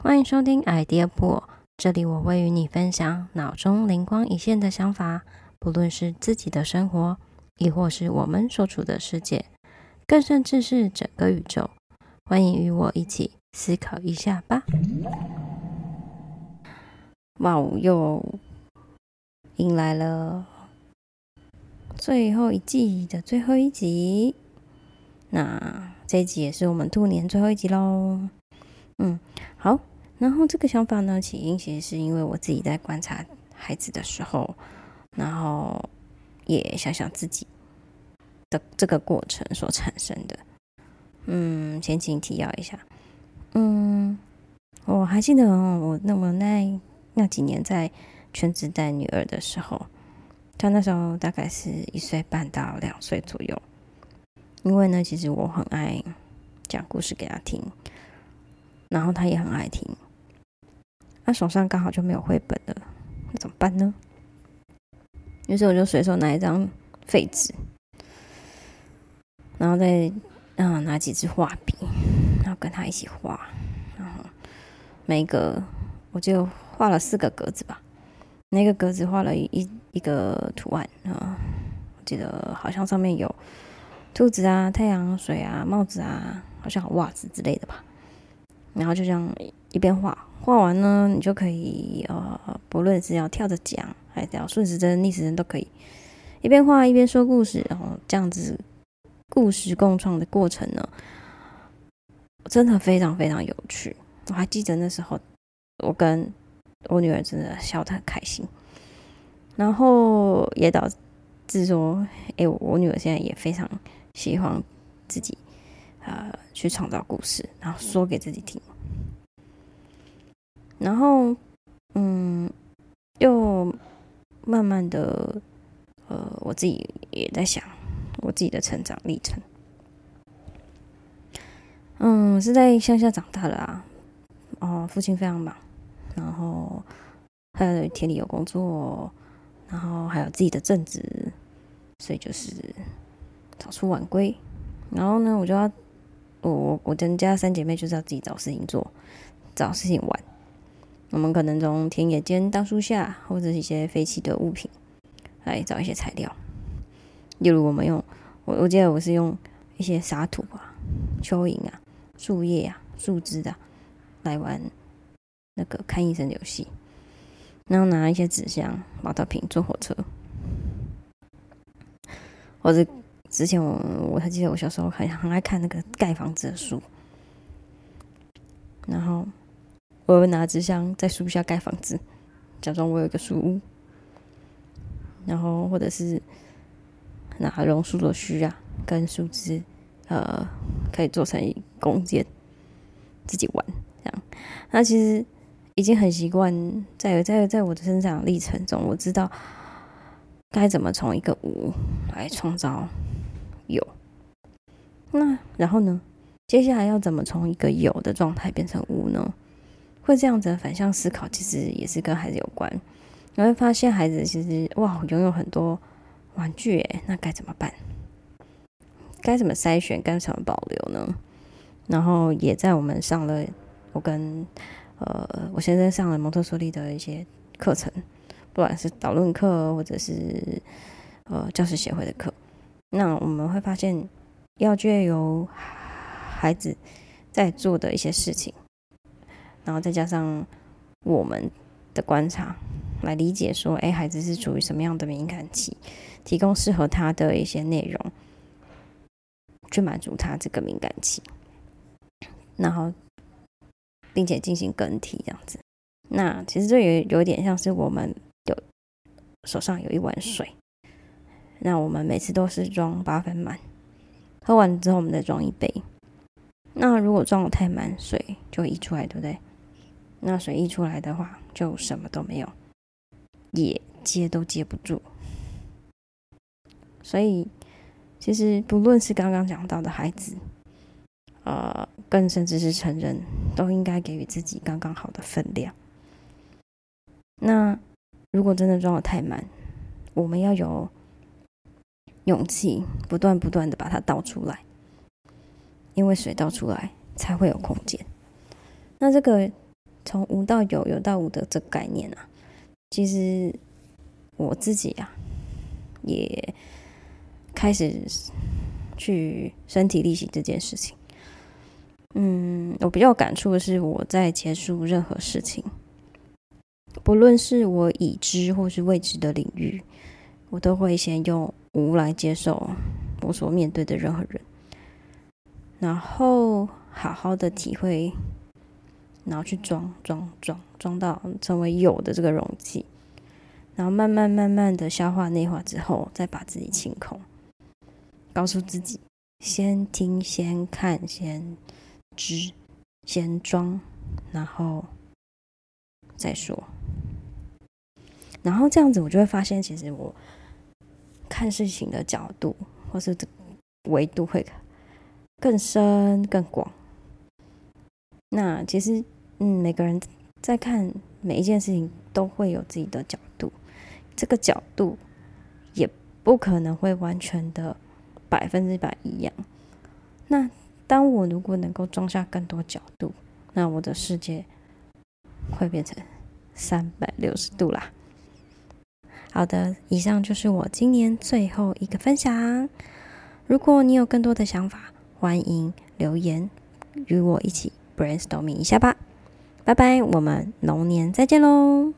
歡迎收聽《idea 播》，這裡我會與你分享腦中靈光一現的想法，不論是自己的生活，亦或是我們所處的世界，更甚至是整個宇宙。歡迎與我一起思考一下吧！哇哦，又迎來了最後一季的最後一集，那……這一集也是我們兔年最後一集嘍，嗯，好，然後這個想法呢，起因其實是因為我自己在觀察孩子的時候，然後也想想自己的這個過程所產生的，嗯，前情提要一下，嗯，我還記得我那麼那那幾年在全職帶女兒的時候，她那時候大概是一歲半到兩歲左右。因為呢，其實我很愛講故事給他聽，然後他也很愛聽。他手上剛好就沒有繪本了，那怎麼辦呢？於是我就隨手拿一張廢紙，然後再嗯拿幾支畫筆，然後跟他一起畫。然後每個我就畫了四個格子吧，那個格子畫了一一個圖案啊，嗯，我記得好像上面有。兔子啊，太陽水啊，帽子啊，好像襪子之類的吧。然後就這樣一邊畫，畫完呢，你就可以呃，不論是要跳着講，還是要順時針、逆時針都可以。一邊畫一邊說故事，然後這樣子故事共創的過程呢，真的非常非常有趣。我還記得那時候，我跟我女兒真的笑得很開心，然後也導致說，哎、欸，我女兒現在也非常。希望自己啊、呃、去創造故事，然後說給自己聽。然後嗯，又慢慢的呃，我自己也在想我自己的成長歷程。嗯，是在鄉下長大的啊。哦，父親非常忙，然後還有田裡有工作，然後還有自己的正職，所以就是。早出晚歸，然後呢，我就要我我我們家三姐妹就是要自己找事情做，找事情玩。我們可能從田野間、大樹下，或者一些廢棄的物品來找一些材料。例如，我們用我我記得我是用一些沙土啊、蚯蚓啊、樹葉啊、樹枝啊來玩那個看醫生的遊戲。然後拿一些紙箱、毛桃瓶、坐火車，或者。之前我我還記得我小時候很很愛看那個蓋房子的書，然後我有拿紙箱在樹下蓋房子，假裝我有一個樹屋，然後或者是拿榕樹的須啊跟樹枝，呃，可以做成弓箭，自己玩這樣。那其實已經很習慣，在在在我的生長歷程中，我知道該怎麼從一個無來創造。有，那然後呢？接下來要怎麼從一個有的狀態變成無呢？會這樣子反向思考，其實也是跟孩子有關。你會發現，孩子其實哇，擁有很多玩具哎，那該怎麼辦？該怎麼篩選？該怎麼保留呢？然後也在我們上了，我跟呃，我現在上了蒙特梭利的一些課程，不管是導論課，或者是呃教師協會的課。那我們會發現，要借由孩子在做的一些事情，然後再加上我們的觀察，來理解說，哎，孩子是處於什麼樣的敏感期，提供適合他的一些內容，去滿足他這個敏感期，然後，並且進行更替這樣子。那其實這有有點像是我們有手上有一碗水。那我們每次都是裝八分滿，喝完之後我們再裝一杯。那如果裝得太滿，水就溢出來，對不對？那水溢出來的話，就什麼都沒有，也接都接不住。所以，其實不論是剛剛講到的孩子，呃，更甚至是成人，都應該給予自己剛剛好的分量。那如果真的裝得太滿，我們要有。勇氣不斷不斷的把它倒出來，因為水倒出來才會有空間。那這個從無到有、有到無的這個概念啊，其實我自己啊也開始去身體力行這件事情。嗯，我比較有感觸的是，我在結束任何事情，不論是我已知或是未知的領域，我都會先用。無來接受我所面對的任何人，然後好好的體會，然後去裝裝裝裝到成為有的這個容器，然後慢慢慢慢的消化內化之後，再把自己清空，告訴自己先聽先看先知先裝，然後再說，然後這樣子我就會發現，其實我。看事情的角度或是這維度會更深更廣。那其實，嗯，每個人在看每一件事情都會有自己的角度，這個角度也不可能會完全的百分之百一樣。那當我如果能夠裝下更多角度，那我的世界會變成三百六十度啦。好的，以上就是我今年最後一個分享。如果你有更多的想法，歡迎留言，與我一起 brainstorming 一下吧。拜拜，我們龍年再見嘍！